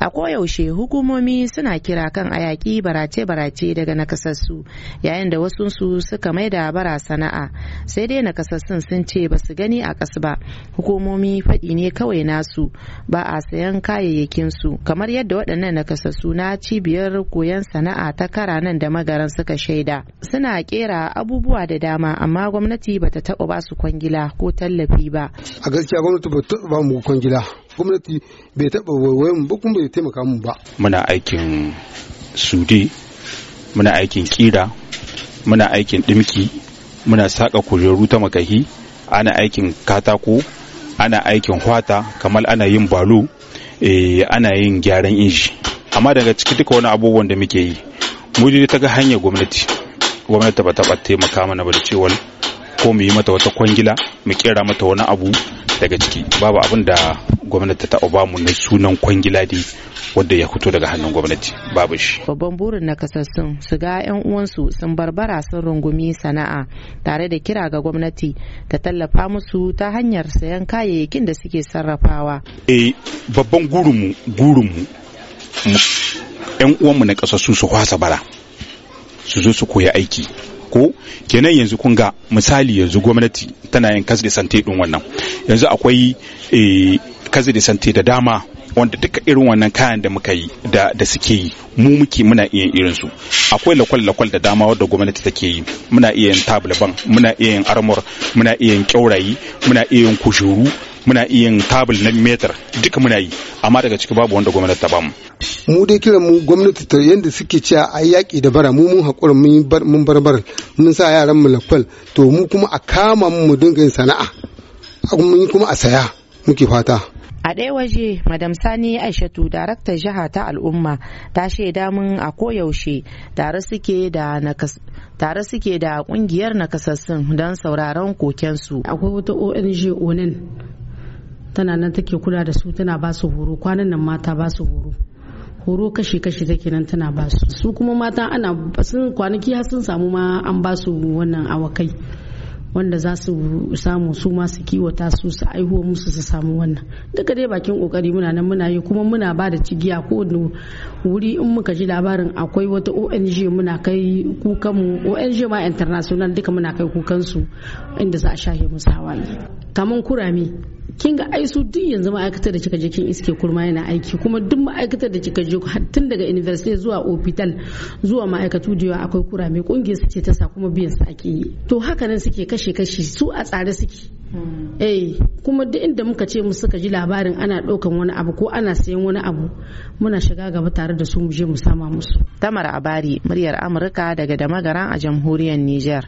a koyaushe hukumomi suna kira kan ayaki barace-barace daga nakasassu yayin da wasu su suka mai da bara sana'a sai dai nakasassun sun ce ba su gani a ƙasa ba hukumomi faɗi ne kawai nasu ba a sayan kayayyakin su kamar yadda waɗannan nakasassu na cibiyar koyon sana'a ta kara nan da magaran suka shaida suna kera abubuwa da dama amma gwamnati bata taɓa basu kwangila ko tallafi ba a gaskiya gwamnati ba mu kwangila gwamnati bai taba waiwaye mu ba kuma bai taimaka mu ba muna aikin sudi muna aikin kira muna aikin dimki muna saƙa kujeru ta makahi ana aikin katako ana aikin hwata kamar ana yin balo eh, ana yin gyaran inji amma daga cikin duka wani abubuwan da muke yi mu ta ga hanyar gwamnati gwamnati ba taɓa taimaka mana ba da cewa ko mu yi mata wata kwangila mu kera mata wani abu daga ciki babu abin da gwamnati ta bamu na sunan kwangila wanda ya fito daga hannun gwamnati babu shi babban burin na sun su ga yan uwansu sun barbara sun rungumi sana'a tare da kira ga gwamnati ta tallafa musu ta hanyar sayan kayayyakin da suke sarrafawa eh babban gurinmu gurinmu yan uwanmu na kasar su kwasa bara su zo su koyi aiki ko kenan yanzu kun ga misali yanzu gwamnati tana yin kas da sante din wannan yanzu akwai eh, kas da sante da dama wanda duka irin wannan kayan da muka yi da, da suke yi mu muke muna iya irin su akwai lakwal lakwal da dama wadda gwamnati take yi muna iya yin tablaban muna iya yin armor muna iya yin kyaurayi muna iya yin kushuru muna iya yin tabul na metar duka muna yi amma daga ciki babu wanda gwamnati ta bamu mu dai kiran mu gwamnati ta yadda suke cewa a yaƙi da bara mu mun haƙura mun barbar mun sa yaran mu lakwal to mu kuma a kama mu dinga yin sana'a mun kuma a saya muke fata a ɗaya waje madam sani aishatu daraktar jiha ta al'umma ta shaida mun a koyaushe tare suke da tare suke da nakasassun don sauraron kokensu akwai wata ong onan tana nan take kula da su tana ba su horo kwanan nan mata ba su horo horo kashi-kashi take nan tana ba su su kuma mata ana sun kwanaki har sun samu ma an ba su wannan awakai wanda za su samu su masu kiwata su su aihuwa musu su samu wannan duka dai bakin kokari muna nan muna yi kuma muna ba da cigiya ko wuri in muka ji labarin akwai wata ONG muna kai kukan mu ONG ma international duka muna kai kukan su inda za a shahe musu hawaye kaman kurame kin ga ai su duk yanzu ma'aikatar da kika je kin iske kurma yana aiki kuma duk ma'aikatar da kika je tun daga university zuwa hospital zuwa ma'aikatu da yawa akwai kurame kungiyar su ce ta sa kuma biyan su ake yi to haka nan suke kashe kashe su a tsare suke hmm. eh kuma duk inda muka ce mu suka ji labarin ana ɗaukan wani abu ko ana sayan wani abu muna shiga gaba tare da su mu je mu sama musu tamar abari muryar amurka daga damagaran a jamhuriyar niger